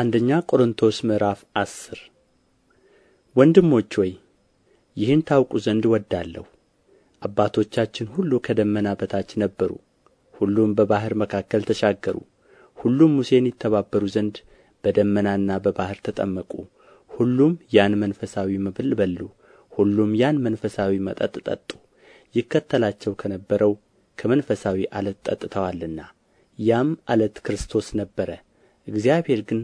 አንደኛ ቆሮንቶስ ምዕራፍ አስር ወንድሞች ሆይ ይህን ታውቁ ዘንድ ወዳለሁ አባቶቻችን ሁሉ ከደመና በታች ነበሩ ሁሉም በባሕር መካከል ተሻገሩ ሁሉም ሙሴን ይተባበሩ ዘንድ በደመናና በባሕር ተጠመቁ ሁሉም ያን መንፈሳዊ መብል በሉ ሁሉም ያን መንፈሳዊ መጠጥ ጠጡ ይከተላቸው ከነበረው ከመንፈሳዊ ዓለት ጠጥተዋልና ያም ዓለት ክርስቶስ ነበረ እግዚአብሔር ግን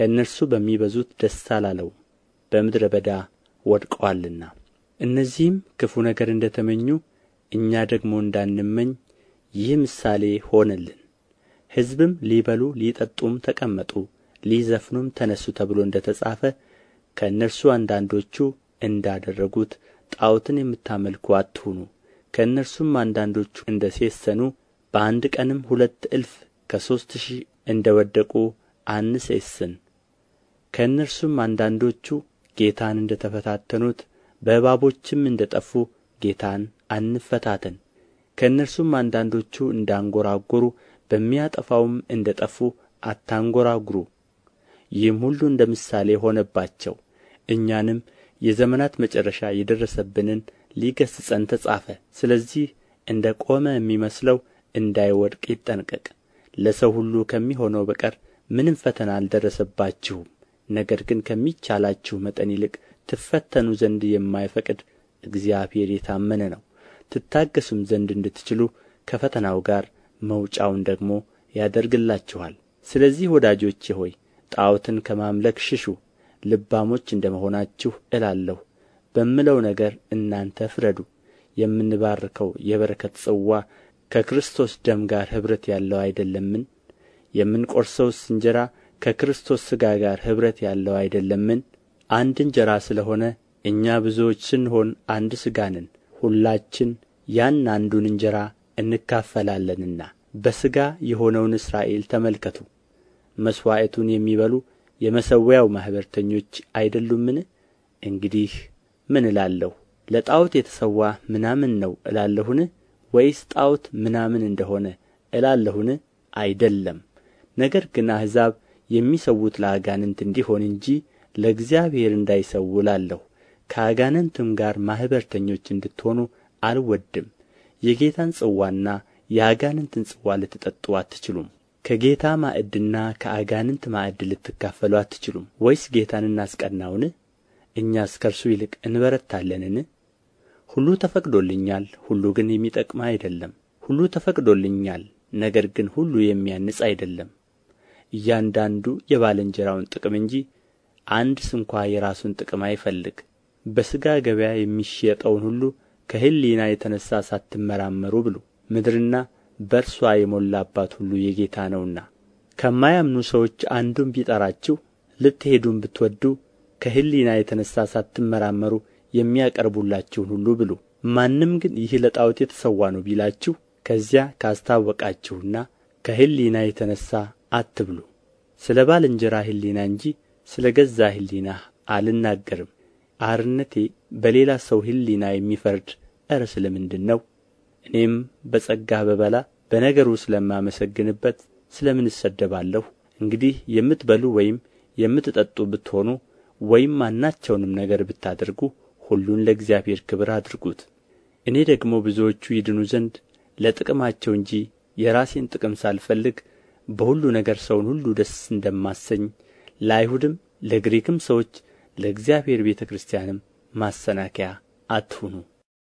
ከእነርሱ በሚበዙት ደስ አላለውም በምድረ በዳ ወድቀዋልና እነዚህም ክፉ ነገር እንደ ተመኙ እኛ ደግሞ እንዳንመኝ ይህ ምሳሌ ሆነልን ሕዝብም ሊበሉ ሊጠጡም ተቀመጡ ሊዘፍኑም ተነሱ ተብሎ እንደ ተጻፈ ከእነርሱ አንዳንዶቹ እንዳደረጉት ጣዖትን የምታመልኩ አትሁኑ ከእነርሱም አንዳንዶቹ እንደ ሴሰኑ በአንድ ቀንም ሁለት እልፍ ከሦስት ሺህ እንደ ወደቁ አንሴስን ከእነርሱም አንዳንዶቹ ጌታን እንደ ተፈታተኑት በእባቦችም እንደ ጠፉ ጌታን አንፈታተን ከእነርሱም አንዳንዶቹ እንዳንጐራጐሩ በሚያጠፋውም እንደ ጠፉ አታንጐራጕሩ ይህም ሁሉ እንደ ምሳሌ ሆነባቸው እኛንም የዘመናት መጨረሻ የደረሰብንን ሊገሥጸን ተጻፈ ስለዚህ እንደ ቆመ የሚመስለው እንዳይወድቅ ይጠንቀቅ ለሰው ሁሉ ከሚሆነው በቀር ምንም ፈተና አልደረሰባችሁም ነገር ግን ከሚቻላችሁ መጠን ይልቅ ትፈተኑ ዘንድ የማይፈቅድ እግዚአብሔር የታመነ ነው ትታገሱም ዘንድ እንድትችሉ ከፈተናው ጋር መውጫውን ደግሞ ያደርግላችኋል። ስለዚህ ወዳጆቼ ሆይ ጣዖትን ከማምለክ ሽሹ። ልባሞች እንደ መሆናችሁ እላለሁ በምለው ነገር እናንተ ፍረዱ። የምንባርከው የበረከት ጽዋ ከክርስቶስ ደም ጋር ኅብረት ያለው አይደለምን? የምንቆርሰውስ እንጀራ ከክርስቶስ ሥጋ ጋር ኅብረት ያለው አይደለምን አንድ እንጀራ ስለ ሆነ እኛ ብዙዎች ስንሆን አንድ ሥጋ ነን ሁላችን ያን አንዱን እንጀራ እንካፈላለንና በሥጋ የሆነውን እስራኤል ተመልከቱ መሥዋዕቱን የሚበሉ የመሠዊያው ማኅበርተኞች አይደሉምን እንግዲህ ምን እላለሁ ለጣዖት የተሠዋ ምናምን ነው እላለሁን ወይስ ጣዖት ምናምን እንደሆነ እላለሁን አይደለም ነገር ግን አሕዛብ የሚሠዉት ለአጋንንት እንዲሆን እንጂ ለእግዚአብሔር እንዳይሠዉ እላለሁ ከአጋንንትም ጋር ማኅበርተኞች እንድትሆኑ አልወድም የጌታን ጽዋና የአጋንንትን ጽዋ ልትጠጡ አትችሉም ከጌታ ማዕድና ከአጋንንት ማዕድ ልትካፈሉ አትችሉም ወይስ ጌታን እናስቀናውን እኛስ ከእርሱ ይልቅ እንበረታለንን ሁሉ ተፈቅዶልኛል ሁሉ ግን የሚጠቅም አይደለም ሁሉ ተፈቅዶልኛል ነገር ግን ሁሉ የሚያንጽ አይደለም እያንዳንዱ የባልንጀራውን ጥቅም እንጂ አንድ ስንኳ የራሱን ጥቅም አይፈልግ በሥጋ ገበያ የሚሸጠውን ሁሉ ከሕሊና የተነሣ ሳትመራመሩ ብሉ ምድርና በእርሷ የሞላባት ሁሉ የጌታ ነውና ከማያምኑ ሰዎች አንዱም ቢጠራችሁ ልትሄዱም ብትወዱ ከሕሊና የተነሣ ሳትመራመሩ የሚያቀርቡላችሁን ሁሉ ብሉ ማንም ግን ይህ ለጣዖት የተሠዋ ነው ቢላችሁ ከዚያ ካስታወቃችሁና ከሕሊና የተነሣ አትብሉ ስለ ባልንጀራ ሕሊና እንጂ ስለ ገዛ ሕሊና አልናገርም አርነቴ በሌላ ሰው ሕሊና የሚፈርድ እረ ስለ ምንድር ነው እኔም በጸጋ በበላ በነገሩ ስለማመሰግንበት ስለ ምን እሰደባለሁ እንግዲህ የምትበሉ ወይም የምትጠጡ ብትሆኑ ወይም ማናቸውንም ነገር ብታደርጉ ሁሉን ለእግዚአብሔር ክብር አድርጉት እኔ ደግሞ ብዙዎቹ ይድኑ ዘንድ ለጥቅማቸው እንጂ የራሴን ጥቅም ሳልፈልግ በሁሉ ነገር ሰውን ሁሉ ደስ እንደማሰኝ ለአይሁድም ለግሪክም ሰዎች ለእግዚአብሔር ቤተ ክርስቲያንም ማሰናከያ አትሁኑ